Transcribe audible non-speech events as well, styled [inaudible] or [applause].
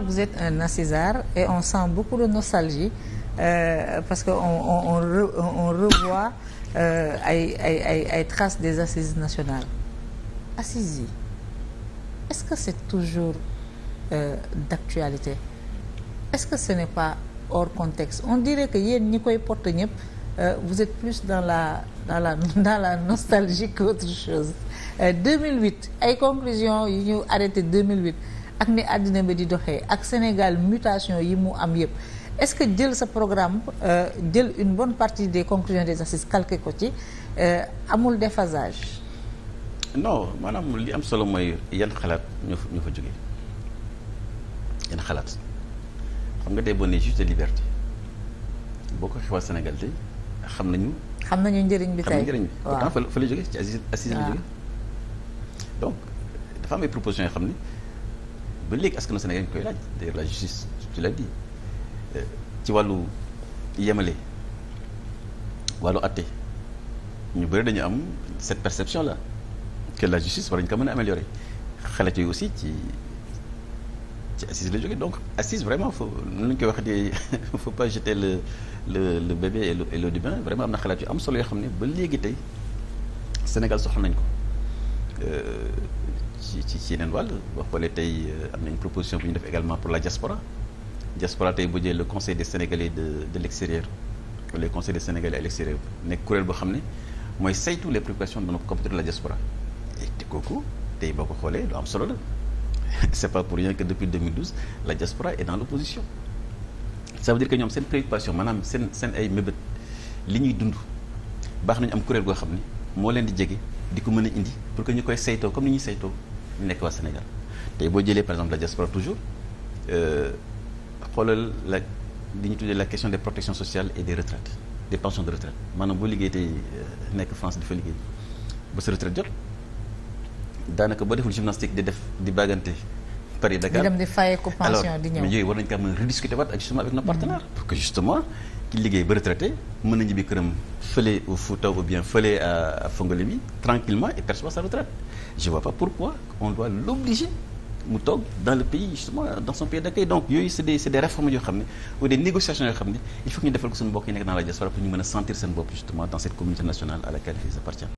vous êtes un assisard et on sent beaucoup de nostalgie euh, parce que on on on, re, on revoit euh, ay ay ay ay traces des assises nationales assises yi est-ce que c'est toujours euh, d'actualité est-ce que ce n'est pas hors contexte on dirait que yéen ñi koy porte ñëpp euh, vous êtes plus dans la dans la [laughs] dans la nostalgie qu'autre chose euh, 2008 ay conclusions yu ñu arrêté 2008 ak ni àddina bi di doxee ak Sénégal mutation yi mu am yëpp est-ce que jël sa programme euh, jël une bonne partie des conclusions des assises calqué ko ci euh, amul déphasage non maanaam li am solo mooy yan xalaat ñoo fa ñoo fa jógee yan xalaat xam nga tey boo nee juste liberté boo ko xewal Sénégal tey xam nañu. xam nañu njëriñ bi tey xam nañu njëriñ bi. pourtant fa la jógee ci assise assise la ah. jógee donc dafa am ay propositions yoo xam ni. ba léegi askanu Sénégal ñu koy laaj d'ailleurs la justice tu l'as dit ci wàllu yemale wàllu àtte ñu bëri dañu am cette perception la que la justice war nañu ko mën a améliorer xalaat yooyu aussi ci ci assise la jógee donc assise vraiment faut nu ñu koy wax di [laughs] faut pas jeter le le le bébé et l'eau du bain vraiment am na xalaat yu am solo yoo xam ne ba léegi tey Sénégal soxla nañ ko. ci ci ci yeneen wàll boo xoolee tey euh, am na une proposition bu ñu def également pour la diaspora diaspora tey bu jël le conseil de sénégalais de de l' extérieur le conseil des sénégalais à l' extérieur nekk kuréel boo xam ne mooy saytu les préoccupations de notre communauté de la diaspora te kooku tey boo ko xoolee lu solo la [laughs] c' est pas pour rien que depuis 2012 la diaspora est dans l' opposition ça veut dire que ñoom seen préoccupation maanaam seen seen ay mébét li ñuy dund baax nañu am kuréel goo xam ne moo leen di jege di ko mën a indi pour que ñu koy saytoo comme ni ñuy saytoo ñu nekk waa Sénégal tey boo jëlee par exemple la diaspora toujours euh, xoolal la di ñu tuddee la question de protections sociale et des retraites des pensions de retraite maanaam boo liggéey tey euh, nekk France di fa liggéey ba sa retraite jot daanaka boo deful gymnastique di def di bàggante Paris Dakar di yooyu war nañu ko mën rediscuter waat ak justement avec nos partenaires pour que justement ki liggéey ba retraité mën na ñibbi këram fële au Fouta ou bien fële à tranquillement et percevoir sa retraite je vois pas pourquoi on doit l'obliger mu toog dans le pays justement dans son pays d'accueil donc yooyu c'est des c'est des réformes yoo xam ne ou des négociations yoo xam ne il faut ñu defal ko suñu mbokk yi nekk dans la diaspora